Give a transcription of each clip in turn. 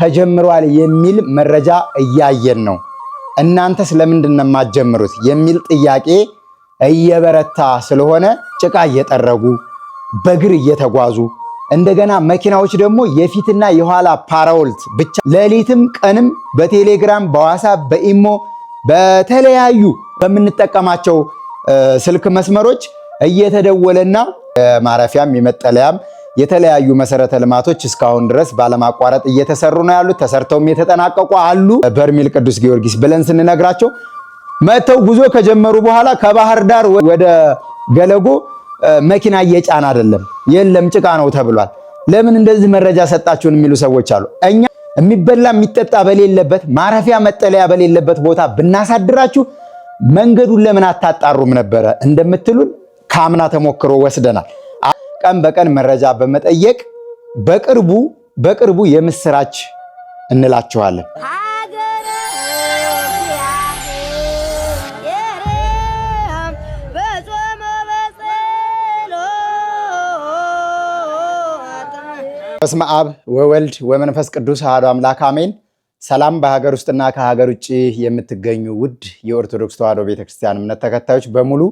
ተጀምሯል የሚል መረጃ እያየን ነው። እናንተ ስለምንድን ነው የማትጀምሩት የሚል ጥያቄ እየበረታ ስለሆነ ጭቃ እየጠረጉ በእግር እየተጓዙ እንደገና መኪናዎች ደግሞ የፊትና የኋላ ፓራውልት ብቻ ሌሊትም ቀንም በቴሌግራም በዋትሳፕ በኢሞ በተለያዩ በምንጠቀማቸው ስልክ መስመሮች እየተደወለና ማረፊያም የመጠለያም የተለያዩ መሰረተ ልማቶች እስካሁን ድረስ ባለማቋረጥ እየተሰሩ ነው ያሉት። ተሰርተውም የተጠናቀቁ አሉ። በርሜል ቅዱስ ጊዮርጊስ ብለን ስንነግራቸው መጥተው ጉዞ ከጀመሩ በኋላ ከባህር ዳር ወደ ገለጎ መኪና እየጫን አይደለም፣ የለም ጭቃ ነው ተብሏል። ለምን እንደዚህ መረጃ ሰጣችሁን የሚሉ ሰዎች አሉ። እኛ የሚበላ የሚጠጣ በሌለበት ማረፊያ መጠለያ በሌለበት ቦታ ብናሳድራችሁ መንገዱን ለምን አታጣሩም ነበረ እንደምትሉን ከአምና ተሞክሮ ወስደናል። ቀን በቀን መረጃ በመጠየቅ በቅርቡ በቅርቡ የምስራች እንላችኋለን። በስመ አብ ወወልድ ወመንፈስ ቅዱስ አሐዱ አምላክ አሜን። ሰላም በሀገር ውስጥና ከሀገር ውጭ የምትገኙ ውድ የኦርቶዶክስ ተዋሕዶ ቤተክርስቲያን እምነት ተከታዮች በሙሉ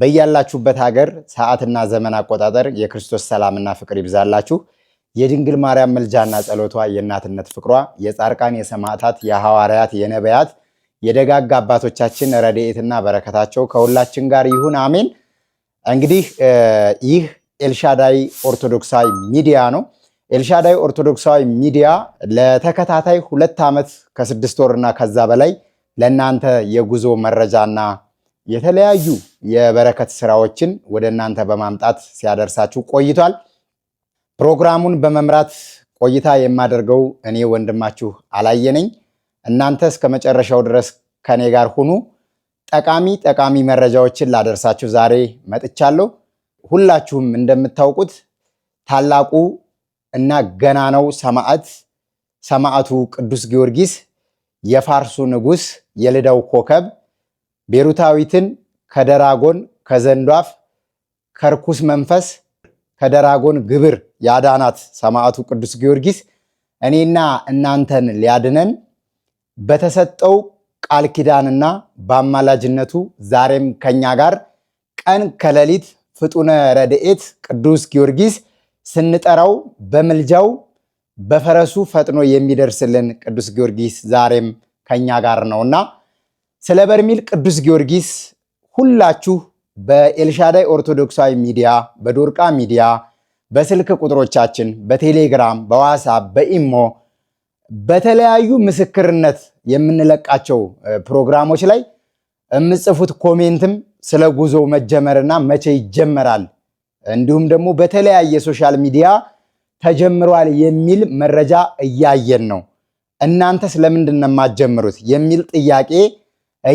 በያላችሁበት ሀገር ሰዓትና ዘመን አቆጣጠር የክርስቶስ ሰላምና ፍቅር ይብዛላችሁ። የድንግል ማርያም ምልጃና ጸሎቷ፣ የእናትነት ፍቅሯ፣ የጻርቃን የሰማዕታት፣ የሐዋርያት፣ የነቢያት፣ የደጋግ አባቶቻችን ረድኤትና በረከታቸው ከሁላችን ጋር ይሁን አሜን። እንግዲህ ይህ ኤልሻዳይ ኦርቶዶክሳዊ ሚዲያ ነው። ኤልሻዳይ ኦርቶዶክሳዊ ሚዲያ ለተከታታይ ሁለት ዓመት ከስድስት ወርና ከዛ በላይ ለእናንተ የጉዞ መረጃና የተለያዩ የበረከት ስራዎችን ወደ እናንተ በማምጣት ሲያደርሳችሁ ቆይቷል። ፕሮግራሙን በመምራት ቆይታ የማደርገው እኔ ወንድማችሁ አላየ ነኝ። እናንተ እስከ መጨረሻው ድረስ ከኔ ጋር ሁኑ። ጠቃሚ ጠቃሚ መረጃዎችን ላደርሳችሁ ዛሬ መጥቻለሁ። ሁላችሁም እንደምታውቁት ታላቁ እና ገና ነው ሰማዕት ሰማዕቱ ቅዱስ ጊዮርጊስ የፋርሱ ንጉሥ የልዳው ኮከብ ቤሩታዊትን ከደራጎን ከዘንዷፍ ከርኩስ መንፈስ ከደራጎን ግብር ያዳናት ሰማዕቱ ቅዱስ ጊዮርጊስ እኔና እናንተን ሊያድነን በተሰጠው ቃል ኪዳንና በአማላጅነቱ ዛሬም ከኛ ጋር ቀን ከሌሊት ፍጡነ ረድኤት ቅዱስ ጊዮርጊስ ስንጠራው በምልጃው በፈረሱ ፈጥኖ የሚደርስልን ቅዱስ ጊዮርጊስ ዛሬም ከኛ ጋር ነውና ስለ በርሜል ቅዱስ ጊዮርጊስ ሁላችሁ በኤልሻዳይ ኦርቶዶክሳዊ ሚዲያ፣ በዶርቃ ሚዲያ፣ በስልክ ቁጥሮቻችን፣ በቴሌግራም፣ በዋትስአፕ፣ በኢሞ በተለያዩ ምስክርነት የምንለቃቸው ፕሮግራሞች ላይ የምጽፉት ኮሜንትም ስለ ጉዞ መጀመርና መቼ ይጀመራል እንዲሁም ደግሞ በተለያየ ሶሻል ሚዲያ ተጀምሯል የሚል መረጃ እያየን ነው። እናንተ ስለምንድን ነው የማትጀምሩት የሚል ጥያቄ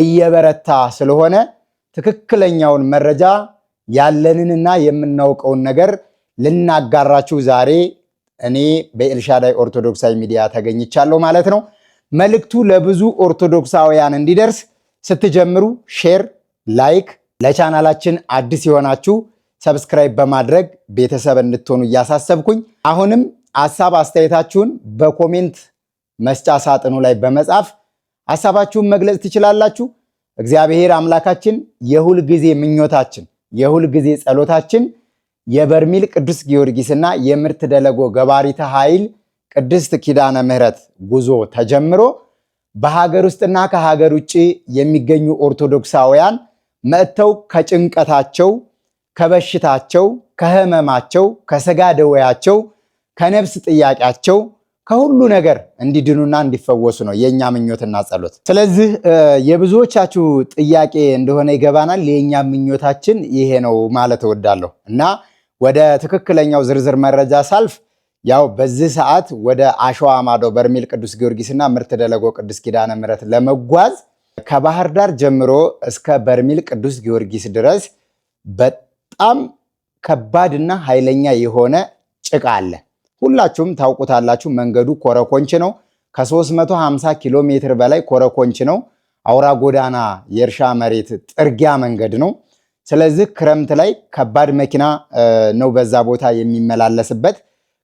እየበረታ ስለሆነ ትክክለኛውን መረጃ ያለንንና የምናውቀውን ነገር ልናጋራችሁ ዛሬ እኔ በኤልሻዳይ ኦርቶዶክሳዊ ሚዲያ ተገኝቻለሁ ማለት ነው። መልእክቱ ለብዙ ኦርቶዶክሳውያን እንዲደርስ ስትጀምሩ ሼር፣ ላይክ፣ ለቻናላችን አዲስ የሆናችሁ ሰብስክራይብ በማድረግ ቤተሰብ እንድትሆኑ እያሳሰብኩኝ አሁንም ሀሳብ አስተያየታችሁን በኮሜንት መስጫ ሳጥኑ ላይ በመጻፍ ሐሳባችሁን መግለጽ ትችላላችሁ። እግዚአብሔር አምላካችን የሁል ጊዜ ምኞታችን፣ የሁል ጊዜ ጸሎታችን የበርሜል ቅዱስ ጊዮርጊስና የምርት ደለጎ ገባሪተ ኃይል ቅድስት ኪዳነ ምሕረት ጉዞ ተጀምሮ በሀገር ውስጥና ከሀገር ውጭ የሚገኙ ኦርቶዶክሳውያን መጥተው ከጭንቀታቸው፣ ከበሽታቸው፣ ከህመማቸው ከሥጋ ደዌያቸው፣ ከነፍስ ጥያቄያቸው ከሁሉ ነገር እንዲድኑና እንዲፈወሱ ነው የእኛ ምኞትና ጸሎት። ስለዚህ የብዙዎቻችሁ ጥያቄ እንደሆነ ይገባናል። የእኛ ምኞታችን ይሄ ነው ማለት እወዳለሁ እና ወደ ትክክለኛው ዝርዝር መረጃ ሳልፍ ያው በዚህ ሰዓት ወደ አሸዋ ማዶ በርሜል ቅዱስ ጊዮርጊስና ምርት ደለጎ ቅዱስ ኪዳነ ምሕረት ለመጓዝ ከባህር ዳር ጀምሮ እስከ በርሜል ቅዱስ ጊዮርጊስ ድረስ በጣም ከባድና ኃይለኛ የሆነ ጭቃ አለ። ሁላችሁም ታውቁታላችሁ። መንገዱ ኮረኮንች ነው። ከ350 ኪሎ ሜትር በላይ ኮረኮንች ነው። አውራ ጎዳና፣ የእርሻ መሬት፣ ጥርጊያ መንገድ ነው። ስለዚህ ክረምት ላይ ከባድ መኪና ነው በዛ ቦታ የሚመላለስበት።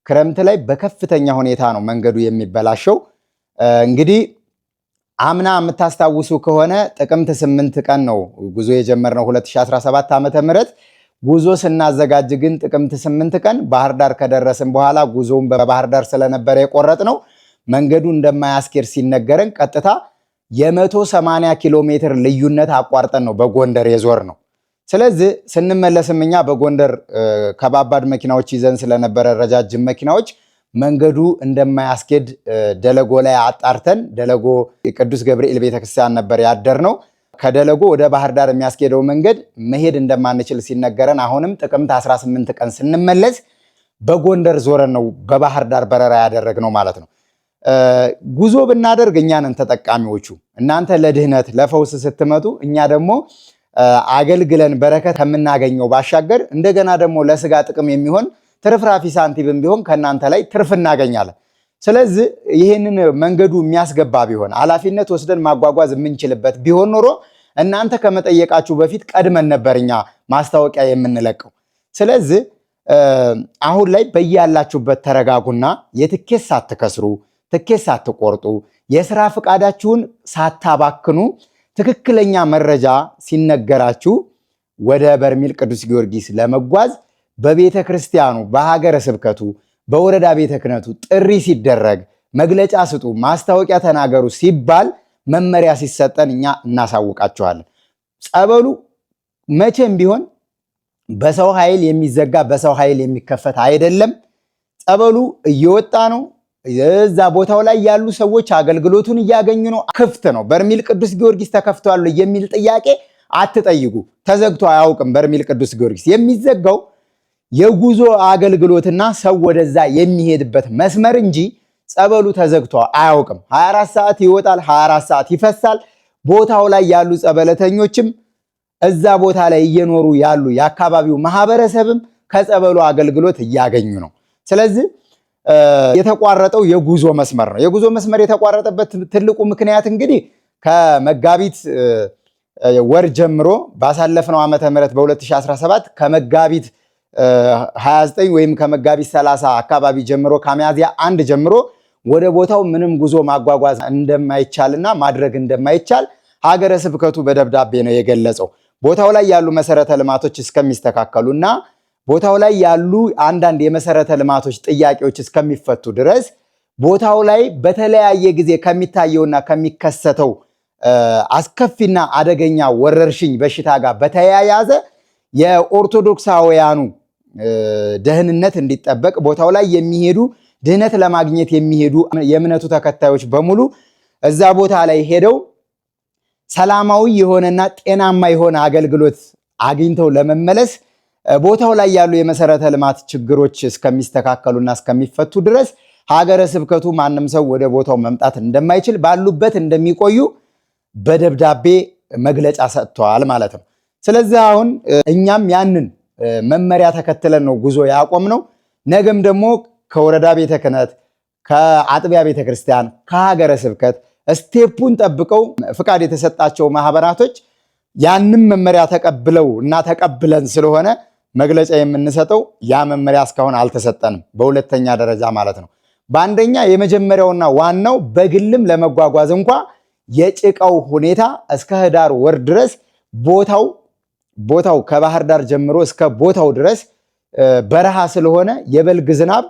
ክረምት ላይ በከፍተኛ ሁኔታ ነው መንገዱ የሚበላሸው። እንግዲህ አምና የምታስታውሱ ከሆነ ጥቅምት ስምንት ቀን ነው ጉዞ የጀመርነው 2017 ዓ ምህረት ጉዞ ስናዘጋጅ ግን ጥቅምት ስምንት ቀን ባህር ዳር ከደረስን በኋላ ጉዞውን በባህር ዳር ስለነበረ የቆረጥ ነው መንገዱ እንደማያስኬድ ሲነገረን ቀጥታ የመቶ ሰማንያ ኪሎ ሜትር ልዩነት አቋርጠን ነው በጎንደር የዞር ነው። ስለዚህ ስንመለስም እኛ በጎንደር ከባባድ መኪናዎች ይዘን ስለነበረ ረጃጅም መኪናዎች መንገዱ እንደማያስኬድ ደለጎ ላይ አጣርተን ደለጎ ቅዱስ ገብርኤል ቤተክርስቲያን ነበር ያደር ነው። ከደለጎ ወደ ባህር ዳር የሚያስኬደው መንገድ መሄድ እንደማንችል ሲነገረን አሁንም ጥቅምት 18 ቀን ስንመለስ በጎንደር ዞረን ነው በባህር ዳር በረራ ያደረግነው ማለት ነው። ጉዞ ብናደርግ እኛንን ተጠቃሚዎቹ። እናንተ ለድህነት ለፈውስ ስትመጡ፣ እኛ ደግሞ አገልግለን በረከት ከምናገኘው ባሻገር እንደገና ደግሞ ለስጋ ጥቅም የሚሆን ትርፍራፊ ሳንቲም ቢሆን ከእናንተ ላይ ትርፍ እናገኛለን። ስለዚህ ይህንን መንገዱ የሚያስገባ ቢሆን ኃላፊነት ወስደን ማጓጓዝ የምንችልበት ቢሆን ኖሮ እናንተ ከመጠየቃችሁ በፊት ቀድመን ነበር እኛ ማስታወቂያ የምንለቀው። ስለዚህ አሁን ላይ በያላችሁበት ተረጋጉና የትኬት ሳትከስሩ ትኬት ሳትቆርጡ የስራ ፈቃዳችሁን ሳታባክኑ ትክክለኛ መረጃ ሲነገራችሁ ወደ በርሜል ቅዱስ ጊዮርጊስ ለመጓዝ በቤተ ክርስቲያኑ፣ በሀገረ ስብከቱ፣ በወረዳ ቤተ ክህነቱ ጥሪ ሲደረግ መግለጫ ስጡ፣ ማስታወቂያ ተናገሩ ሲባል መመሪያ ሲሰጠን እኛ እናሳውቃችኋለን። ጸበሉ መቼም ቢሆን በሰው ኃይል የሚዘጋ በሰው ኃይል የሚከፈት አይደለም። ጸበሉ እየወጣ ነው። እዛ ቦታው ላይ ያሉ ሰዎች አገልግሎቱን እያገኙ ነው። ክፍት ነው። በርሜል ቅዱስ ጊዮርጊስ ተከፍቷል የሚል ጥያቄ አትጠይቁ። ተዘግቶ አያውቅም። በርሜል ቅዱስ ጊዮርጊስ የሚዘጋው የጉዞ አገልግሎትና ሰው ወደዛ የሚሄድበት መስመር እንጂ ጸበሉ ተዘግቶ አያውቅም። 24 ሰዓት ይወጣል፣ 24 ሰዓት ይፈሳል። ቦታው ላይ ያሉ ጸበለተኞችም እዛ ቦታ ላይ እየኖሩ ያሉ የአካባቢው ማህበረሰብም ከጸበሉ አገልግሎት እያገኙ ነው። ስለዚህ የተቋረጠው የጉዞ መስመር ነው። የጉዞ መስመር የተቋረጠበት ትልቁ ምክንያት እንግዲህ ከመጋቢት ወር ጀምሮ ባሳለፍነው ዓመተ ምህረት በ2017 ከመጋቢት 29 ወይም ከመጋቢት 30 አካባቢ ጀምሮ ከሚያዝያ አንድ ጀምሮ ወደ ቦታው ምንም ጉዞ ማጓጓዝ እንደማይቻልና ማድረግ እንደማይቻል ሀገረ ስብከቱ በደብዳቤ ነው የገለጸው። ቦታው ላይ ያሉ መሰረተ ልማቶች እስከሚስተካከሉ እና ቦታው ላይ ያሉ አንዳንድ የመሰረተ ልማቶች ጥያቄዎች እስከሚፈቱ ድረስ ቦታው ላይ በተለያየ ጊዜ ከሚታየውና ከሚከሰተው አስከፊና አደገኛ ወረርሽኝ በሽታ ጋር በተያያዘ የኦርቶዶክሳውያኑ ደህንነት እንዲጠበቅ ቦታው ላይ የሚሄዱ ድህነት ለማግኘት የሚሄዱ የእምነቱ ተከታዮች በሙሉ እዛ ቦታ ላይ ሄደው ሰላማዊ የሆነና ጤናማ የሆነ አገልግሎት አግኝተው ለመመለስ ቦታው ላይ ያሉ የመሰረተ ልማት ችግሮች እስከሚስተካከሉና እስከሚፈቱ ድረስ ሀገረ ስብከቱ ማንም ሰው ወደ ቦታው መምጣት እንደማይችል ባሉበት እንደሚቆዩ በደብዳቤ መግለጫ ሰጥተዋል ማለት ነው። ስለዚህ አሁን እኛም ያንን መመሪያ ተከትለን ነው ጉዞ ያቆም ነው። ነገም ደግሞ ከወረዳ ቤተ ክህነት፣ ከአጥቢያ ቤተ ክርስቲያን፣ ከሀገረ ስብከት ስቴፑን ጠብቀው ፍቃድ የተሰጣቸው ማህበራቶች ያንም መመሪያ ተቀብለው እና ተቀብለን ስለሆነ መግለጫ የምንሰጠው ያ መመሪያ እስካሁን አልተሰጠንም። በሁለተኛ ደረጃ ማለት ነው። በአንደኛ የመጀመሪያውና ዋናው በግልም ለመጓጓዝ እንኳ የጭቃው ሁኔታ እስከ ህዳር ወር ድረስ ቦታው ቦታው ከባህር ዳር ጀምሮ እስከ ቦታው ድረስ በረሃ ስለሆነ የበልግ ዝናብ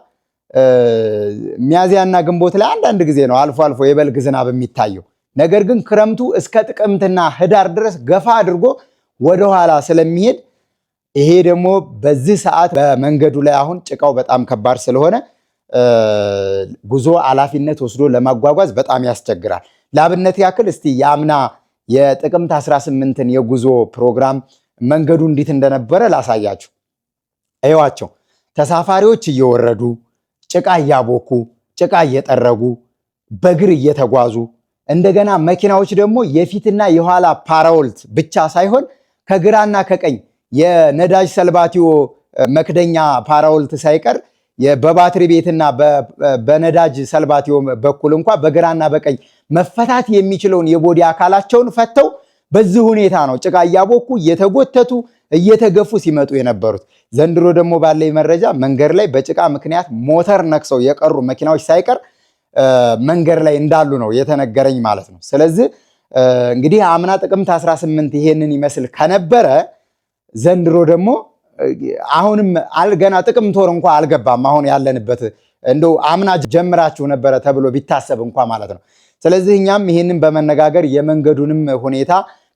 ሚያዚያና ግንቦት ላይ አንዳንድ ጊዜ ነው አልፎ አልፎ የበልግ ዝናብ የሚታየው። ነገር ግን ክረምቱ እስከ ጥቅምትና ህዳር ድረስ ገፋ አድርጎ ወደኋላ ስለሚሄድ ይሄ ደግሞ በዚህ ሰዓት በመንገዱ ላይ አሁን ጭቃው በጣም ከባድ ስለሆነ ጉዞ ኃላፊነት ወስዶ ለማጓጓዝ በጣም ያስቸግራል። ለአብነት ያክል እስቲ የአምና የጥቅምት 18ን የጉዞ ፕሮግራም መንገዱ እንዴት እንደነበረ ላሳያችሁ። እዩዋቸው። ተሳፋሪዎች እየወረዱ ጭቃ እያቦኩ ጭቃ እየጠረጉ በእግር እየተጓዙ እንደገና መኪናዎች ደግሞ የፊትና የኋላ ፓራወልት ብቻ ሳይሆን ከግራና ከቀኝ የነዳጅ ሰልባቲዮ መክደኛ ፓራወልት ሳይቀር በባትሪ ቤትና በነዳጅ ሰልባቲዮ በኩል እንኳ በግራና በቀኝ መፈታት የሚችለውን የቦዲ አካላቸውን ፈተው በዚህ ሁኔታ ነው ጭቃ እያቦኩ እየተጎተቱ እየተገፉ ሲመጡ የነበሩት። ዘንድሮ ደግሞ ባለኝ መረጃ መንገድ ላይ በጭቃ ምክንያት ሞተር ነክሰው የቀሩ መኪናዎች ሳይቀር መንገድ ላይ እንዳሉ ነው የተነገረኝ ማለት ነው። ስለዚህ እንግዲህ አምና ጥቅምት 18 ይሄንን ይመስል ከነበረ ዘንድሮ ደግሞ አሁንም ገና ጥቅምት ወር እንኳ አልገባም። አሁን ያለንበት እንደ አምና ጀምራችሁ ነበረ ተብሎ ቢታሰብ እንኳ ማለት ነው። ስለዚህ እኛም ይህንን በመነጋገር የመንገዱንም ሁኔታ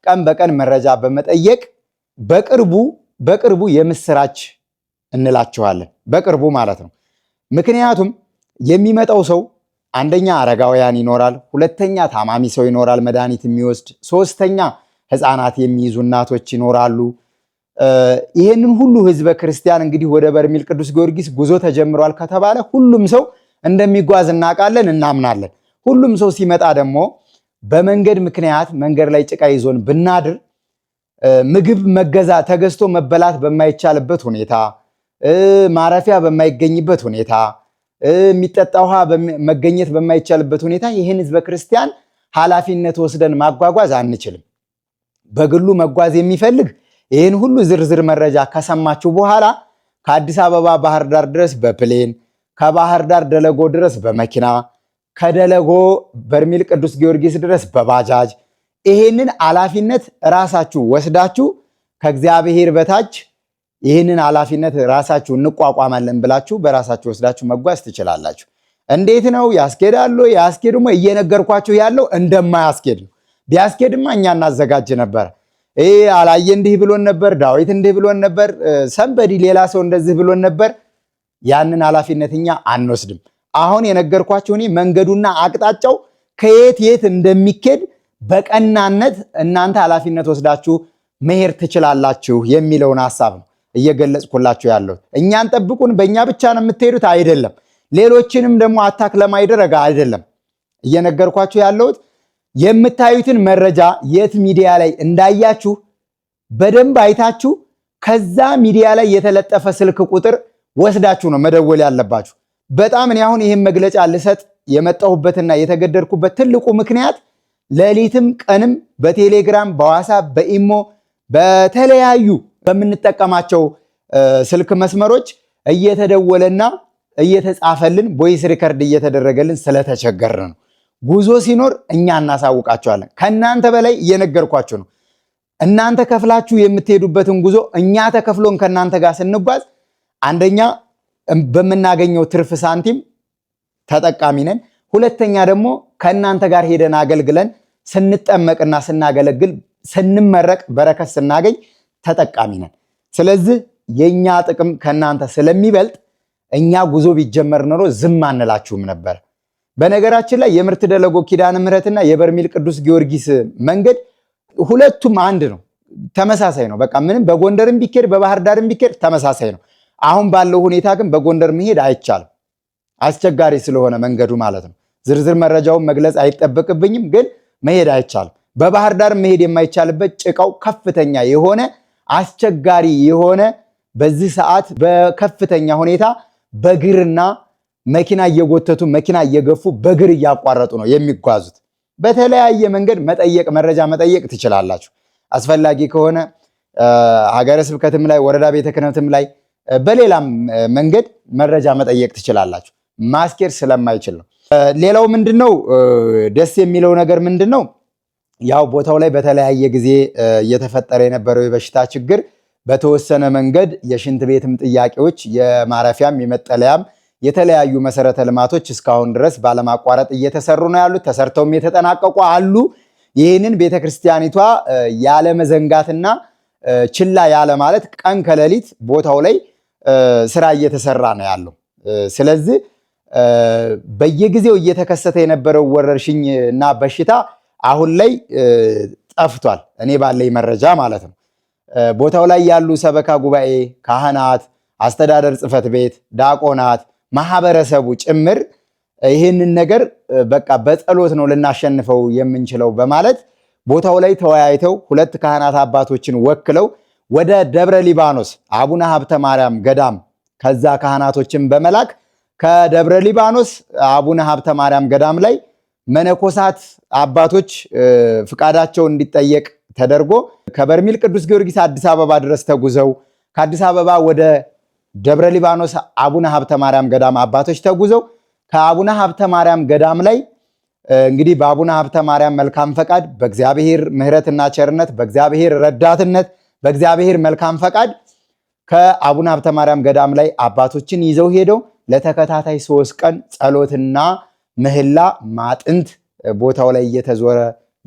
ቀን በቀን መረጃ በመጠየቅ በቅርቡ በቅርቡ የምስራች እንላችኋለን። በቅርቡ ማለት ነው። ምክንያቱም የሚመጣው ሰው አንደኛ አረጋውያን ይኖራል፣ ሁለተኛ ታማሚ ሰው ይኖራል መድኃኒት የሚወስድ ሶስተኛ ህፃናት የሚይዙ እናቶች ይኖራሉ። ይህንን ሁሉ ህዝበ ክርስቲያን እንግዲህ ወደ በርሜል ቅዱስ ጊዮርጊስ ጉዞ ተጀምሯል ከተባለ ሁሉም ሰው እንደሚጓዝ እናውቃለን፣ እናምናለን። ሁሉም ሰው ሲመጣ ደግሞ በመንገድ ምክንያት መንገድ ላይ ጭቃ ይዞን ብናድር ምግብ መገዛ ተገዝቶ መበላት በማይቻልበት ሁኔታ፣ ማረፊያ በማይገኝበት ሁኔታ፣ የሚጠጣ ውሃ መገኘት በማይቻልበት ሁኔታ ይህን ህዝበ ክርስቲያን ኃላፊነት ወስደን ማጓጓዝ አንችልም። በግሉ መጓዝ የሚፈልግ ይህን ሁሉ ዝርዝር መረጃ ከሰማችሁ በኋላ ከአዲስ አበባ ባህር ዳር ድረስ በፕሌን ከባህር ዳር ደለጎ ድረስ በመኪና ከደለጎ በርሜል ቅዱስ ጊዮርጊስ ድረስ በባጃጅ ይህንን ኃላፊነት ራሳችሁ ወስዳችሁ ከእግዚአብሔር በታች ይህንን ኃላፊነት ራሳችሁ እንቋቋማለን ብላችሁ በራሳችሁ ወስዳችሁ መጓዝ ትችላላችሁ። እንዴት ነው ያስኬዳሉ? ደግሞ እየነገርኳችሁ ያለው እንደማያስኬድ ነው። ቢያስኬድማ እኛ እናዘጋጅ ነበር። ይህ አላየ እንዲህ ብሎን ነበር፣ ዳዊት እንዲህ ብሎን ነበር፣ ሰንበዲ ሌላ ሰው እንደዚህ ብሎን ነበር። ያንን ኃላፊነት እኛ አንወስድም። አሁን የነገርኳቸው እኔ መንገዱና አቅጣጫው ከየት የት እንደሚኬድ በቀናነት እናንተ ኃላፊነት ወስዳችሁ መሄድ ትችላላችሁ የሚለውን ሀሳብ ነው እየገለጽኩላችሁ ያለሁት። እኛን ጠብቁን፣ በእኛ ብቻ ነው የምትሄዱት አይደለም። ሌሎችንም ደግሞ አታክ ለማይደረግ አይደለም እየነገርኳችሁ ያለሁት። የምታዩትን መረጃ የት ሚዲያ ላይ እንዳያችሁ በደንብ አይታችሁ ከዛ ሚዲያ ላይ የተለጠፈ ስልክ ቁጥር ወስዳችሁ ነው መደወል ያለባችሁ። በጣም እኔ አሁን ይህን መግለጫ ልሰጥ የመጣሁበትና የተገደድኩበት ትልቁ ምክንያት ሌሊትም ቀንም በቴሌግራም በዋሳብ በኢሞ በተለያዩ በምንጠቀማቸው ስልክ መስመሮች እየተደወለና እየተጻፈልን ቦይስ ሪከርድ እየተደረገልን ስለተቸገር ነው። ጉዞ ሲኖር እኛ እናሳውቃቸዋለን። ከእናንተ በላይ እየነገርኳችሁ ነው። እናንተ ከፍላችሁ የምትሄዱበትን ጉዞ እኛ ተከፍሎን ከእናንተ ጋር ስንጓዝ አንደኛ በምናገኘው ትርፍ ሳንቲም ተጠቃሚ ነን። ሁለተኛ ደግሞ ከእናንተ ጋር ሄደን አገልግለን ስንጠመቅና ስናገለግል ስንመረቅ በረከት ስናገኝ ተጠቃሚ ነን። ስለዚህ የእኛ ጥቅም ከእናንተ ስለሚበልጥ እኛ ጉዞ ቢጀመር ኖሮ ዝም አንላችሁም ነበር። በነገራችን ላይ የምርት ደለጎ ኪዳነ ምሕረትና የበርሜል ቅዱስ ጊዮርጊስ መንገድ ሁለቱም አንድ ነው፣ ተመሳሳይ ነው። በቃ ምንም በጎንደርም ቢኬድ በባህር ዳርም ቢኬድ ተመሳሳይ ነው። አሁን ባለው ሁኔታ ግን በጎንደር መሄድ አይቻልም፣ አስቸጋሪ ስለሆነ መንገዱ ማለት ነው። ዝርዝር መረጃውን መግለጽ አይጠበቅብኝም፣ ግን መሄድ አይቻልም። በባህር ዳር መሄድ የማይቻልበት ጭቃው ከፍተኛ የሆነ አስቸጋሪ የሆነ በዚህ ሰዓት በከፍተኛ ሁኔታ በግርና መኪና እየጎተቱ መኪና እየገፉ በግር እያቋረጡ ነው የሚጓዙት። በተለያየ መንገድ መጠየቅ መረጃ መጠየቅ ትችላላችሁ። አስፈላጊ ከሆነ ሀገረ ስብከትም ላይ ወረዳ ቤተ ክህነትም ላይ በሌላም መንገድ መረጃ መጠየቅ ትችላላችሁ። ማስኬድ ስለማይችል ነው። ሌላው ምንድን ነው ደስ የሚለው ነገር ምንድን ነው ያው ቦታው ላይ በተለያየ ጊዜ እየተፈጠረ የነበረው የበሽታ ችግር በተወሰነ መንገድ የሽንት ቤትም ጥያቄዎች፣ የማረፊያም፣ የመጠለያም የተለያዩ መሰረተ ልማቶች እስካሁን ድረስ ባለማቋረጥ እየተሰሩ ነው ያሉት። ተሰርተውም የተጠናቀቁ አሉ። ይህንን ቤተክርስቲያኒቷ ያለመዘንጋትና ችላ ያለ ማለት ቀን ከሌሊት ቦታው ላይ ስራ እየተሰራ ነው ያለው። ስለዚህ በየጊዜው እየተከሰተ የነበረው ወረርሽኝ እና በሽታ አሁን ላይ ጠፍቷል። እኔ ባለኝ መረጃ ማለት ነው። ቦታው ላይ ያሉ ሰበካ ጉባኤ፣ ካህናት፣ አስተዳደር ጽሕፈት ቤት፣ ዲያቆናት፣ ማህበረሰቡ ጭምር ይህንን ነገር በቃ በጸሎት ነው ልናሸንፈው የምንችለው በማለት ቦታው ላይ ተወያይተው ሁለት ካህናት አባቶችን ወክለው ወደ ደብረ ሊባኖስ አቡነ ሀብተ ማርያም ገዳም ከዛ ካህናቶችን በመላክ ከደብረ ሊባኖስ አቡነ ሀብተ ማርያም ገዳም ላይ መነኮሳት አባቶች ፍቃዳቸው እንዲጠየቅ ተደርጎ ከበርሜል ቅዱስ ጊዮርጊስ አዲስ አበባ ድረስ ተጉዘው ከአዲስ አበባ ወደ ደብረ ሊባኖስ አቡነ ሀብተ ማርያም ገዳም አባቶች ተጉዘው ከአቡነ ሀብተ ማርያም ገዳም ላይ እንግዲህ በአቡነ ሀብተ ማርያም መልካም ፈቃድ በእግዚአብሔር ምሕረትና ቸርነት በእግዚአብሔር ረዳትነት በእግዚአብሔር መልካም ፈቃድ ከአቡነ ሀብተ ማርያም ገዳም ላይ አባቶችን ይዘው ሄደው ለተከታታይ ሶስት ቀን ጸሎትና ምህላ ማጥንት ቦታው ላይ እየተዞረ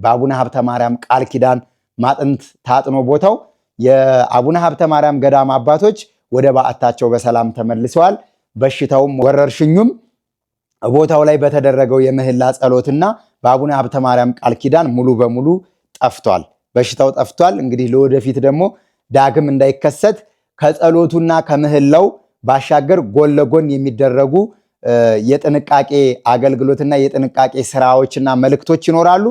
በአቡነ ሀብተ ማርያም ቃል ኪዳን ማጥንት ታጥኖ ቦታው የአቡነ ሀብተ ማርያም ገዳም አባቶች ወደ በዓታቸው በሰላም ተመልሰዋል። በሽታውም ወረርሽኙም ቦታው ላይ በተደረገው የምህላ ጸሎትና በአቡነ ሀብተ ማርያም ቃል ኪዳን ሙሉ በሙሉ ጠፍቷል። በሽታው ጠፍቷል። እንግዲህ ለወደፊት ደግሞ ዳግም እንዳይከሰት ከጸሎቱና ከምህላው ባሻገር ጎን ለጎን የሚደረጉ የጥንቃቄ አገልግሎትና የጥንቃቄ ስራዎችና መልእክቶች ይኖራሉ።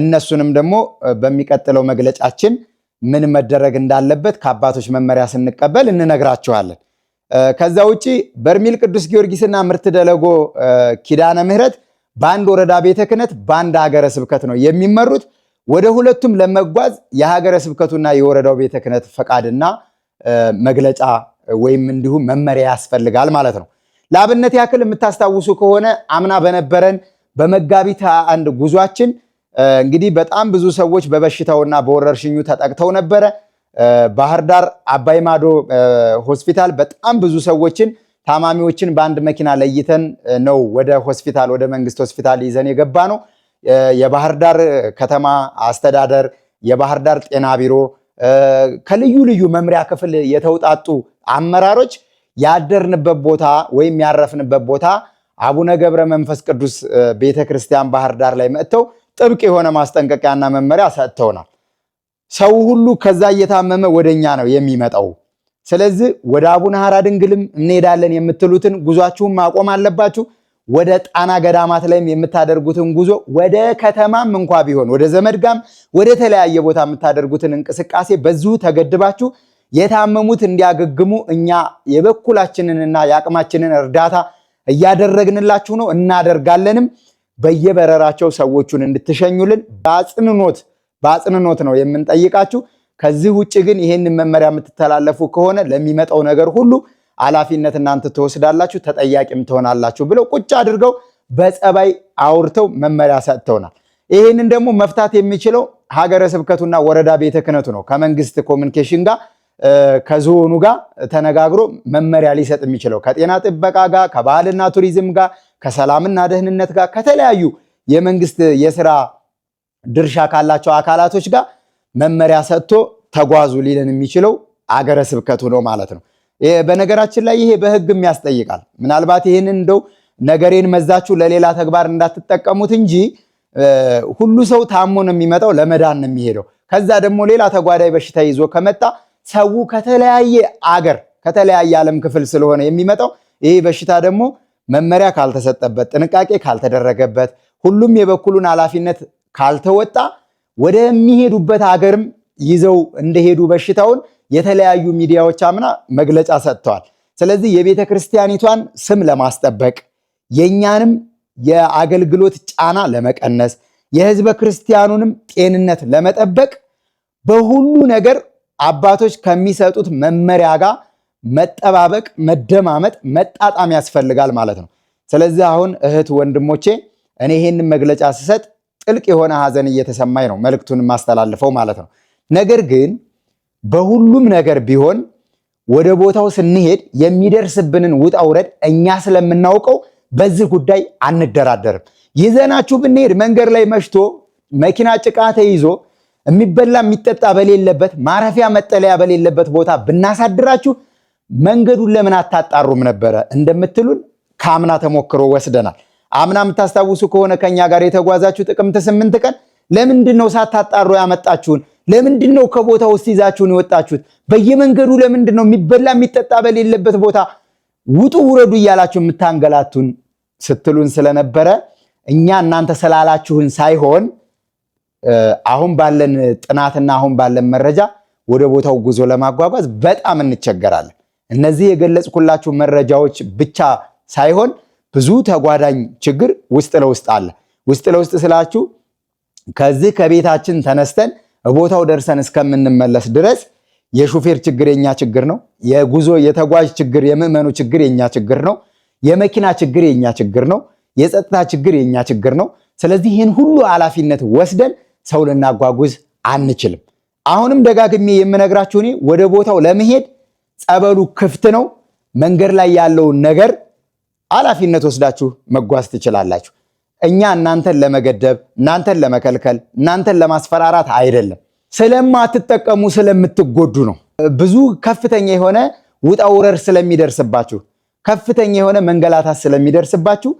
እነሱንም ደግሞ በሚቀጥለው መግለጫችን ምን መደረግ እንዳለበት ከአባቶች መመሪያ ስንቀበል እንነግራችኋለን። ከዛ ውጪ በርሜል ቅዱስ ጊዮርጊስና ምርት ደለጎ ኪዳነ ምህረት በአንድ ወረዳ ቤተ ክህነት በአንድ ሀገረ ስብከት ነው የሚመሩት። ወደ ሁለቱም ለመጓዝ የሀገረ ስብከቱና የወረዳው ቤተ ክህነት ፈቃድና መግለጫ ወይም እንዲሁም መመሪያ ያስፈልጋል ማለት ነው። ለአብነት ያክል የምታስታውሱ ከሆነ አምና በነበረን በመጋቢት አንድ ጉዟችን እንግዲህ በጣም ብዙ ሰዎች በበሽታውና በወረርሽኙ ተጠቅተው ነበረ። ባህር ዳር አባይ ማዶ ሆስፒታል በጣም ብዙ ሰዎችን ታማሚዎችን በአንድ መኪና ለይተን ነው ወደ ሆስፒታል ወደ መንግስት ሆስፒታል ይዘን የገባ ነው። የባህር ዳር ከተማ አስተዳደር፣ የባህር ዳር ጤና ቢሮ ከልዩ ልዩ መምሪያ ክፍል የተውጣጡ አመራሮች ያደርንበት ቦታ ወይም ያረፍንበት ቦታ አቡነ ገብረ መንፈስ ቅዱስ ቤተ ክርስቲያን ባህር ዳር ላይ መጥተው ጥብቅ የሆነ ማስጠንቀቂያና መመሪያ ሰጥተውናል። ሰው ሁሉ ከዛ እየታመመ ወደኛ ነው የሚመጣው። ስለዚህ ወደ አቡነ ሐራ ድንግልም እንሄዳለን የምትሉትን ጉዟችሁን ማቆም አለባችሁ። ወደ ጣና ገዳማት ላይም የምታደርጉትን ጉዞ ወደ ከተማም እንኳ ቢሆን ወደ ዘመድ ወደ ተለያየ ቦታ የምታደርጉትን እንቅስቃሴ በዚሁ ተገድባችሁ የታመሙት እንዲያገግሙ እኛ የበኩላችንንና የአቅማችንን እርዳታ እያደረግንላችሁ ነው፣ እናደርጋለንም። በየበረራቸው ሰዎቹን እንድትሸኙልን በአጽንኖት በአጽንኖት ነው የምንጠይቃችሁ። ከዚህ ውጭ ግን ይህንን መመሪያ የምትተላለፉ ከሆነ ለሚመጣው ነገር ሁሉ ኃላፊነት እናንተ ትወስዳላችሁ፣ ተጠያቂም ትሆናላችሁ ብለው ቁጭ አድርገው በጸባይ አውርተው መመሪያ ሰጥተውናል። ይህንን ደግሞ መፍታት የሚችለው ሀገረ ስብከቱና ወረዳ ቤተ ክህነቱ ነው። ከመንግስት ኮሚኒኬሽን ጋር ከዞኑ ጋር ተነጋግሮ መመሪያ ሊሰጥ የሚችለው ከጤና ጥበቃ ጋር፣ ከባህልና ቱሪዝም ጋር፣ ከሰላምና ደህንነት ጋር፣ ከተለያዩ የመንግስት የስራ ድርሻ ካላቸው አካላቶች ጋር መመሪያ ሰጥቶ ተጓዙ ሊልን የሚችለው አገረ ስብከቱ ነው ማለት ነው። በነገራችን ላይ ይሄ በህግም ያስጠይቃል። ምናልባት ይህንን እንደው ነገሬን መዛችሁ ለሌላ ተግባር እንዳትጠቀሙት እንጂ ሁሉ ሰው ታሞ ነው የሚመጣው፣ ለመዳን ነው የሚሄደው። ከዛ ደግሞ ሌላ ተጓዳይ በሽታ ይዞ ከመጣ ሰው ከተለያየ አገር ከተለያየ ዓለም ክፍል ስለሆነ የሚመጣው ይሄ በሽታ ደግሞ መመሪያ ካልተሰጠበት፣ ጥንቃቄ ካልተደረገበት፣ ሁሉም የበኩሉን ኃላፊነት ካልተወጣ ወደሚሄዱበት አገርም ይዘው እንደሄዱ በሽታውን የተለያዩ ሚዲያዎች አምና መግለጫ ሰጥተዋል። ስለዚህ የቤተ ክርስቲያኒቷን ስም ለማስጠበቅ የእኛንም የአገልግሎት ጫና ለመቀነስ የህዝበ ክርስቲያኑንም ጤንነት ለመጠበቅ በሁሉ ነገር አባቶች ከሚሰጡት መመሪያ ጋር መጠባበቅ፣ መደማመጥ፣ መጣጣም ያስፈልጋል ማለት ነው። ስለዚህ አሁን እህት ወንድሞቼ፣ እኔ ይሄንን መግለጫ ስሰጥ ጥልቅ የሆነ ሀዘን እየተሰማኝ ነው፣ መልእክቱን ማስተላልፈው ማለት ነው። ነገር ግን በሁሉም ነገር ቢሆን ወደ ቦታው ስንሄድ የሚደርስብንን ውጣ ውረድ እኛ ስለምናውቀው በዚህ ጉዳይ አንደራደርም። ይዘናችሁ ብንሄድ መንገድ ላይ መሽቶ መኪና ጭቃ ተይዞ የሚበላ የሚጠጣ በሌለበት ማረፊያ መጠለያ በሌለበት ቦታ ብናሳድራችሁ መንገዱን ለምን አታጣሩም ነበረ እንደምትሉን ከአምና ተሞክሮ ወስደናል። አምና የምታስታውሱ ከሆነ ከኛ ጋር የተጓዛችሁ ጥቅምት ስምንት ቀን ለምንድን ነው ሳታጣሩ ያመጣችሁን ለምንድን ነው ከቦታ ውስጥ ይዛችሁን የወጣችሁት? በየመንገዱ ለምንድን ነው የሚበላ የሚጠጣ በሌለበት ቦታ ውጡ ውረዱ እያላችሁ የምታንገላቱን ስትሉን ስለነበረ እኛ እናንተ ስላላችሁን ሳይሆን አሁን ባለን ጥናትና አሁን ባለን መረጃ ወደ ቦታው ጉዞ ለማጓጓዝ በጣም እንቸገራለን። እነዚህ የገለጽኩላችሁ መረጃዎች ብቻ ሳይሆን ብዙ ተጓዳኝ ችግር ውስጥ ለውስጥ አለ። ውስጥ ለውስጥ ስላችሁ ከዚህ ከቤታችን ተነስተን ቦታው ደርሰን እስከምንመለስ ድረስ የሹፌር ችግር የኛ ችግር ነው። የጉዞ የተጓዥ ችግር፣ የምዕመኑ ችግር የኛ ችግር ነው። የመኪና ችግር የኛ ችግር ነው። የጸጥታ ችግር የኛ ችግር ነው። ስለዚህ ይህን ሁሉ ኃላፊነት ወስደን ሰው ልናጓጉዝ አንችልም። አሁንም ደጋግሜ የምነግራችሁ እኔ ወደ ቦታው ለመሄድ ጸበሉ ክፍት ነው። መንገድ ላይ ያለውን ነገር ኃላፊነት ወስዳችሁ መጓዝ ትችላላችሁ። እኛ እናንተን ለመገደብ፣ እናንተን ለመከልከል፣ እናንተን ለማስፈራራት አይደለም። ስለማትጠቀሙ ስለምትጎዱ ነው። ብዙ ከፍተኛ የሆነ ውጣ ውረድ ስለሚደርስባችሁ፣ ከፍተኛ የሆነ መንገላታት ስለሚደርስባችሁ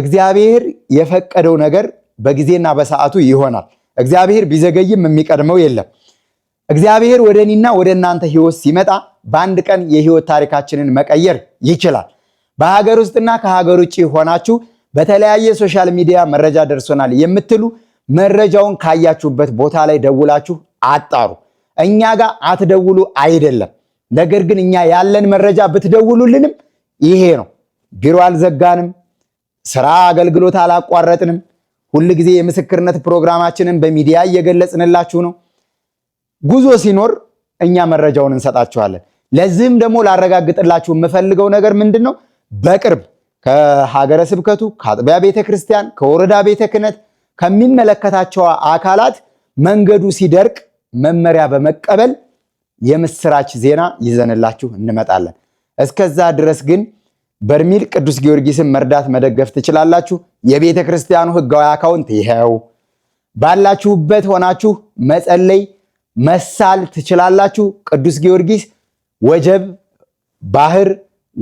እግዚአብሔር የፈቀደው ነገር በጊዜና በሰዓቱ ይሆናል። እግዚአብሔር ቢዘገይም የሚቀድመው የለም። እግዚአብሔር ወደ እኔና ወደ እናንተ ህይወት ሲመጣ በአንድ ቀን የህይወት ታሪካችንን መቀየር ይችላል። በሀገር ውስጥና ከሀገር ውጭ ሆናችሁ በተለያየ ሶሻል ሚዲያ መረጃ ደርሶናል የምትሉ መረጃውን ካያችሁበት ቦታ ላይ ደውላችሁ አጣሩ። እኛ ጋር አትደውሉ አይደለም። ነገር ግን እኛ ያለን መረጃ ብትደውሉልንም ይሄ ነው። ቢሮ አልዘጋንም፣ ስራ አገልግሎት አላቋረጥንም። ሁል ጊዜ የምስክርነት ፕሮግራማችንን በሚዲያ እየገለጽንላችሁ ነው። ጉዞ ሲኖር እኛ መረጃውን እንሰጣችኋለን። ለዚህም ደግሞ ላረጋግጥላችሁ የምፈልገው ነገር ምንድን ነው በቅርብ ከሀገረ ስብከቱ፣ ከአጥቢያ ቤተ ክርስቲያን፣ ከወረዳ ቤተ ክህነት፣ ከሚመለከታቸው አካላት መንገዱ ሲደርቅ መመሪያ በመቀበል የምስራች ዜና ይዘንላችሁ እንመጣለን። እስከዛ ድረስ ግን በርሚል ቅዱስ ጊዮርጊስን መርዳት መደገፍ ትችላላችሁ። የቤተ ክርስቲያኑ ህጋዊ አካውንት ይኸው። ባላችሁበት ሆናችሁ መጸለይ መሳል ትችላላችሁ። ቅዱስ ጊዮርጊስ ወጀብ፣ ባህር፣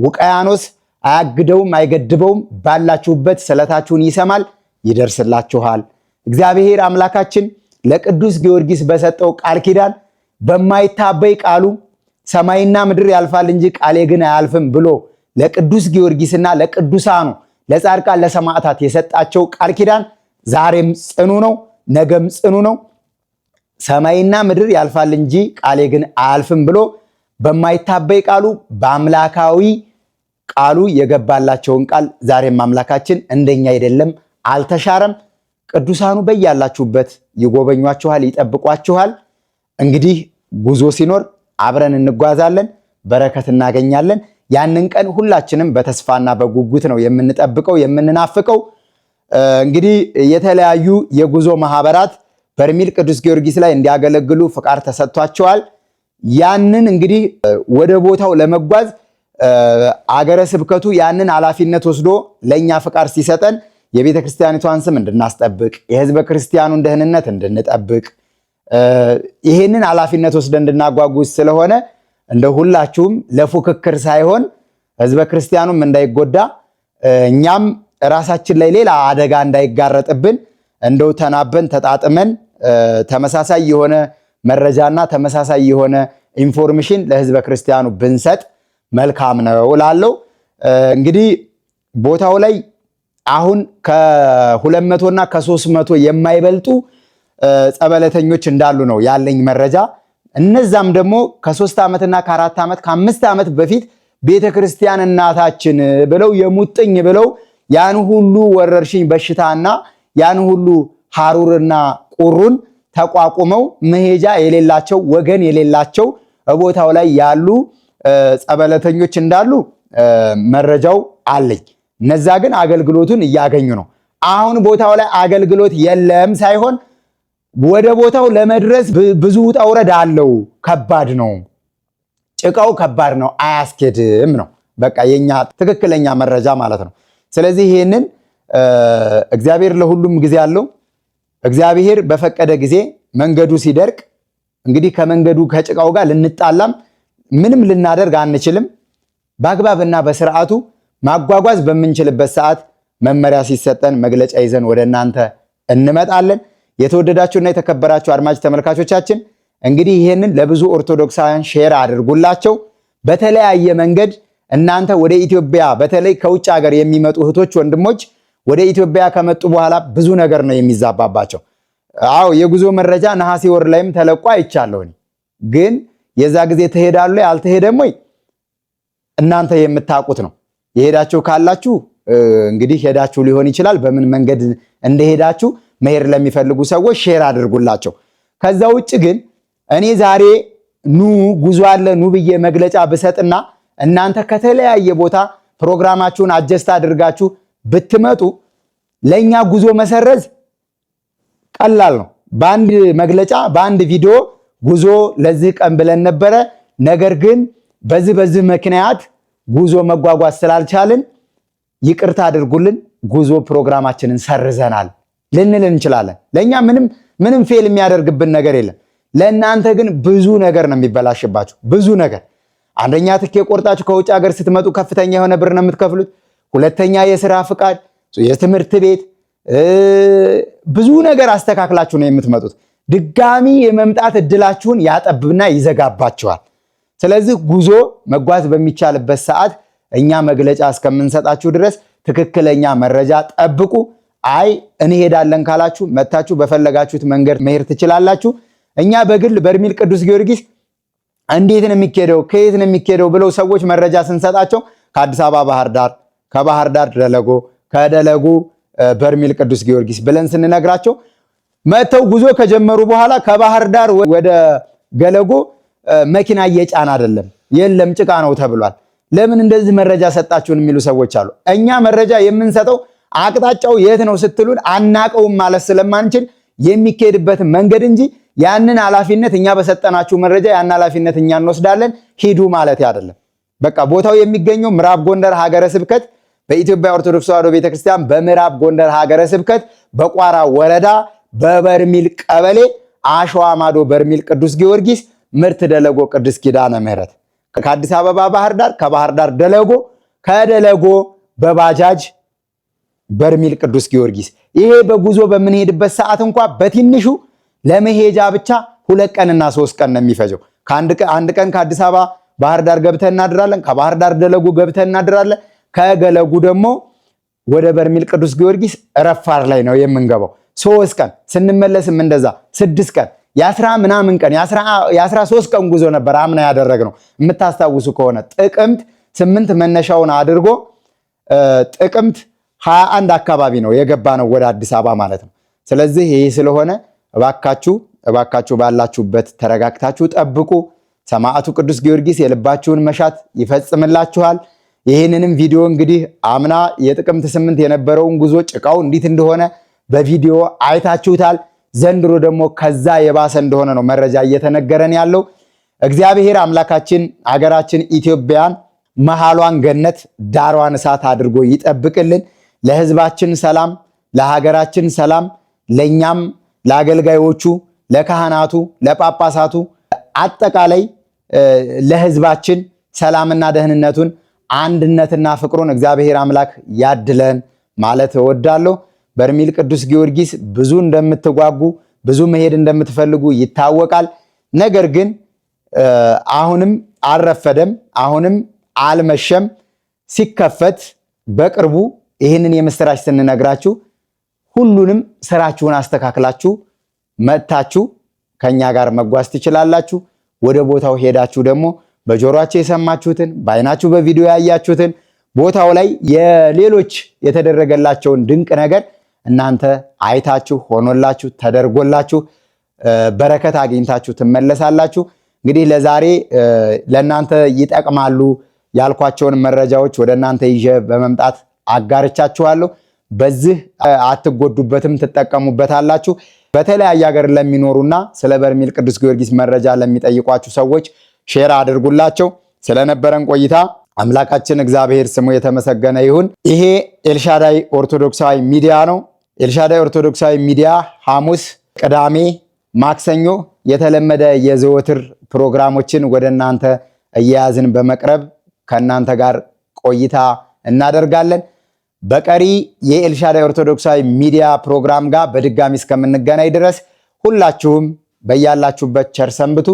ውቅያኖስ አያግደውም፣ አይገድበውም። ባላችሁበት ስለታችሁን ይሰማል፣ ይደርስላችኋል። እግዚአብሔር አምላካችን ለቅዱስ ጊዮርጊስ በሰጠው ቃል ኪዳን በማይታበይ ቃሉ ሰማይና ምድር ያልፋል እንጂ ቃሌ ግን አያልፍም ብሎ ለቅዱስ ጊዮርጊስና ለቅዱሳኑ ለጻድቃን ለሰማዕታት የሰጣቸው ቃል ኪዳን ዛሬም ጽኑ ነው፣ ነገም ጽኑ ነው። ሰማይና ምድር ያልፋል እንጂ ቃሌ ግን አያልፍም ብሎ በማይታበይ ቃሉ በአምላካዊ ቃሉ የገባላቸውን ቃል ዛሬም አምላካችን እንደኛ አይደለም፣ አልተሻረም። ቅዱሳኑ በያላችሁበት ይጎበኟችኋል፣ ይጠብቋችኋል። እንግዲህ ጉዞ ሲኖር አብረን እንጓዛለን፣ በረከት እናገኛለን። ያንን ቀን ሁላችንም በተስፋና በጉጉት ነው የምንጠብቀው የምንናፍቀው። እንግዲህ የተለያዩ የጉዞ ማህበራት በርሜል ቅዱስ ጊዮርጊስ ላይ እንዲያገለግሉ ፍቃድ ተሰጥቷቸዋል። ያንን እንግዲህ ወደ ቦታው ለመጓዝ አገረ ስብከቱ ያንን ኃላፊነት ወስዶ ለእኛ ፍቃድ ሲሰጠን የቤተ ክርስቲያኒቷን ስም እንድናስጠብቅ፣ የህዝበ ክርስቲያኑን ደህንነት እንድንጠብቅ ይህንን ኃላፊነት ወስደን እንድናጓጉዝ ስለሆነ እንደ ሁላችሁም ለፉክክር ሳይሆን ህዝበ ክርስቲያኑም እንዳይጎዳ እኛም ራሳችን ላይ ሌላ አደጋ እንዳይጋረጥብን እንደው ተናበን ተጣጥመን ተመሳሳይ የሆነ መረጃና ተመሳሳይ የሆነ ኢንፎርሜሽን ለህዝበ ክርስቲያኑ ብንሰጥ መልካም ነው ላለው እንግዲህ ቦታው ላይ አሁን ከሁለት እና ከሶስት መቶ የማይበልጡ ጸበለተኞች እንዳሉ ነው ያለኝ መረጃ። እነዛም ደግሞ ከሶስት ዓመትና ከአራት ዓመት ከአምስት ዓመት በፊት ቤተ ክርስቲያን እናታችን ብለው የሙጥኝ ብለው ያን ሁሉ ወረርሽኝ በሽታና ያን ሁሉ ሐሩርና ቁሩን ተቋቁመው መሄጃ የሌላቸው ወገን የሌላቸው ቦታው ላይ ያሉ ጸበለተኞች እንዳሉ መረጃው አለኝ። እነዛ ግን አገልግሎቱን እያገኙ ነው። አሁን ቦታው ላይ አገልግሎት የለም ሳይሆን ወደ ቦታው ለመድረስ ብዙ ውጣ ውረድ አለው። ከባድ ነው፣ ጭቃው ከባድ ነው፣ አያስኬድም ነው በቃ የኛ ትክክለኛ መረጃ ማለት ነው። ስለዚህ ይህንን እግዚአብሔር ለሁሉም ጊዜ አለው። እግዚአብሔር በፈቀደ ጊዜ መንገዱ ሲደርቅ እንግዲህ ከመንገዱ ከጭቃው ጋር ልንጣላም ምንም ልናደርግ አንችልም። በአግባብና በስርዓቱ ማጓጓዝ በምንችልበት ሰዓት መመሪያ ሲሰጠን መግለጫ ይዘን ወደ እናንተ እንመጣለን። የተወደዳችሁና የተከበራችሁ አድማጭ ተመልካቾቻችን እንግዲህ ይህንን ለብዙ ኦርቶዶክሳውያን ሼር አድርጉላቸው። በተለያየ መንገድ እናንተ ወደ ኢትዮጵያ በተለይ ከውጭ ሀገር የሚመጡ እህቶች ወንድሞች ወደ ኢትዮጵያ ከመጡ በኋላ ብዙ ነገር ነው የሚዛባባቸው። አዎ የጉዞ መረጃ ነሐሴ ወር ላይም ተለቆ አይቻለሁ ግን የዛ ጊዜ ትሄዳሉ ላይ ወይ እናንተ የምታውቁት ነው። የሄዳችሁ ካላችሁ እንግዲህ ሄዳችሁ ሊሆን ይችላል። በምን መንገድ እንደሄዳችሁ መሄድ ለሚፈልጉ ሰዎች ሼር አድርጉላቸው። ከዛ ውጭ ግን እኔ ዛሬ ኑ ጉዞ አለ ኑ ብዬ መግለጫ ብሰጥና እናንተ ከተለያየ ቦታ ፕሮግራማችሁን አጀስት አድርጋችሁ ብትመጡ ለእኛ ጉዞ መሰረዝ ቀላል ነው። በአንድ መግለጫ በአንድ ቪዲዮ ጉዞ ለዚህ ቀን ብለን ነበረ። ነገር ግን በዚህ በዚህ ምክንያት ጉዞ መጓጓዝ ስላልቻልን ይቅርታ አድርጉልን፣ ጉዞ ፕሮግራማችንን ሰርዘናል ልንል እንችላለን። ለእኛ ምንም ምንም ፌል የሚያደርግብን ነገር የለም። ለእናንተ ግን ብዙ ነገር ነው የሚበላሽባችሁ። ብዙ ነገር አንደኛ ትኬ ቆርጣችሁ ከውጭ ሀገር ስትመጡ ከፍተኛ የሆነ ብር ነው የምትከፍሉት። ሁለተኛ የስራ ፍቃድ፣ የትምህርት ቤት ብዙ ነገር አስተካክላችሁ ነው የምትመጡት። ድጋሚ የመምጣት እድላችሁን ያጠብብና ይዘጋባችኋል። ስለዚህ ጉዞ መጓዝ በሚቻልበት ሰዓት እኛ መግለጫ እስከምንሰጣችሁ ድረስ ትክክለኛ መረጃ ጠብቁ። አይ እንሄዳለን ካላችሁ መታችሁ በፈለጋችሁት መንገድ መሄድ ትችላላችሁ። እኛ በግል በርሜል ቅዱስ ጊዮርጊስ እንዴት ነው የሚኬደው፣ ከየት ነው የሚኬደው ብለው ሰዎች መረጃ ስንሰጣቸው ከአዲስ አበባ ባህር ዳር፣ ከባህር ዳር ደለጎ፣ ከደለጎ በርሜል ቅዱስ ጊዮርጊስ ብለን ስንነግራቸው መተው ጉዞ ከጀመሩ በኋላ ከባህር ዳር ወደ ገለጎ መኪና እየጫን አይደለም፣ የለም ጭቃ ነው ተብሏል። ለምን እንደዚህ መረጃ ሰጣችሁን የሚሉ ሰዎች አሉ። እኛ መረጃ የምንሰጠው አቅጣጫው የት ነው ስትሉን አናቀውም ማለት ስለማንችል የሚካሄድበትን መንገድ እንጂ ያንን ኃላፊነት እኛ በሰጠናችሁ መረጃ ያን ኃላፊነት እኛ እንወስዳለን ሂዱ ማለት አይደለም። በቃ ቦታው የሚገኘው ምዕራብ ጎንደር ሀገረ ስብከት በኢትዮጵያ ኦርቶዶክስ ተዋሕዶ ቤተክርስቲያን በምዕራብ ጎንደር ሀገረ ስብከት በቋራ ወረዳ በበርሚል ቀበሌ አሸዋ ማዶ በርሚል ቅዱስ ጊዮርጊስ ምርት ደለጎ ቅዱስ ኪዳነ ምሕረት ከአዲስ አበባ ባህር ዳር ከባህር ዳር ደለጎ ከደለጎ በባጃጅ በርሚል ቅዱስ ጊዮርጊስ። ይሄ በጉዞ በምንሄድበት ሰዓት እንኳ በትንሹ ለመሄጃ ብቻ ሁለት ቀንና ሶስት ቀን ነው የሚፈጀው። አንድ ቀን ከአዲስ አበባ ባህር ዳር ገብተን እናድራለን። ከባህር ዳር ደለጉ ገብተን እናድራለን። ከገለጉ ደግሞ ወደ በርሚል ቅዱስ ጊዮርጊስ ረፋር ላይ ነው የምንገባው። ሶስት ቀን ስንመለስም እንደዛ ስድስት ቀን የአስራ ምናምን ቀን የአስራ ሶስት ቀን ጉዞ ነበር አምና ያደረግነው የምታስታውሱ ከሆነ ጥቅምት ስምንት መነሻውን አድርጎ ጥቅምት ሀያ አንድ አካባቢ ነው የገባ ነው ወደ አዲስ አበባ ማለት ነው። ስለዚህ ይህ ስለሆነ እባካችሁ እባካችሁ ባላችሁበት ተረጋግታችሁ ጠብቁ። ሰማዕቱ ቅዱስ ጊዮርጊስ የልባችሁን መሻት ይፈጽምላችኋል። ይህንንም ቪዲዮ እንግዲህ አምና የጥቅምት ስምንት የነበረውን ጉዞ ጭቃው እንዴት እንደሆነ በቪዲዮ አይታችሁታል። ዘንድሮ ደግሞ ከዛ የባሰ እንደሆነ ነው መረጃ እየተነገረን ያለው። እግዚአብሔር አምላካችን አገራችን ኢትዮጵያን መሃሏን ገነት ዳሯን እሳት አድርጎ ይጠብቅልን። ለህዝባችን ሰላም፣ ለሀገራችን ሰላም፣ ለእኛም ለአገልጋዮቹ፣ ለካህናቱ፣ ለጳጳሳቱ፣ አጠቃላይ ለህዝባችን ሰላምና ደህንነቱን አንድነትና ፍቅሩን እግዚአብሔር አምላክ ያድለን ማለት እወዳለሁ። በርሜል ቅዱስ ጊዮርጊስ ብዙ እንደምትጓጉ ብዙ መሄድ እንደምትፈልጉ ይታወቃል። ነገር ግን አሁንም አልረፈደም፣ አሁንም አልመሸም። ሲከፈት በቅርቡ ይህንን የምስራች ስንነግራችሁ ሁሉንም ስራችሁን አስተካክላችሁ መጥታችሁ ከኛ ጋር መጓዝ ትችላላችሁ። ወደ ቦታው ሄዳችሁ ደግሞ በጆሯቸው የሰማችሁትን በአይናችሁ በቪዲዮ ያያችሁትን ቦታው ላይ የሌሎች የተደረገላቸውን ድንቅ ነገር እናንተ አይታችሁ ሆኖላችሁ ተደርጎላችሁ በረከት አግኝታችሁ ትመለሳላችሁ። እንግዲህ ለዛሬ ለእናንተ ይጠቅማሉ ያልኳቸውን መረጃዎች ወደ እናንተ ይዤ በመምጣት አጋርቻችኋለሁ። በዚህ አትጎዱበትም፣ ትጠቀሙበታላችሁ። በተለያየ ሀገር ለሚኖሩና ስለ በርሜል ቅዱስ ጊዮርጊስ መረጃ ለሚጠይቋችሁ ሰዎች ሼር አድርጉላቸው። ስለነበረን ቆይታ አምላካችን እግዚአብሔር ስሙ የተመሰገነ ይሁን። ይሄ ኤልሻዳይ ኦርቶዶክሳዊ ሚዲያ ነው። ኤልሻዳይ ኦርቶዶክሳዊ ሚዲያ ሐሙስ፣ ቅዳሜ፣ ማክሰኞ የተለመደ የዘወትር ፕሮግራሞችን ወደ እናንተ እየያዝን በመቅረብ ከእናንተ ጋር ቆይታ እናደርጋለን። በቀሪ የኤልሻዳይ ኦርቶዶክሳዊ ሚዲያ ፕሮግራም ጋር በድጋሚ እስከምንገናኝ ድረስ ሁላችሁም በያላችሁበት ቸር ሰንብቱ።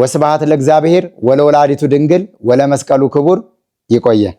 ወስብሐት ለእግዚአብሔር ወለወላዲቱ ድንግል ወለመስቀሉ ክቡር ይቆየን።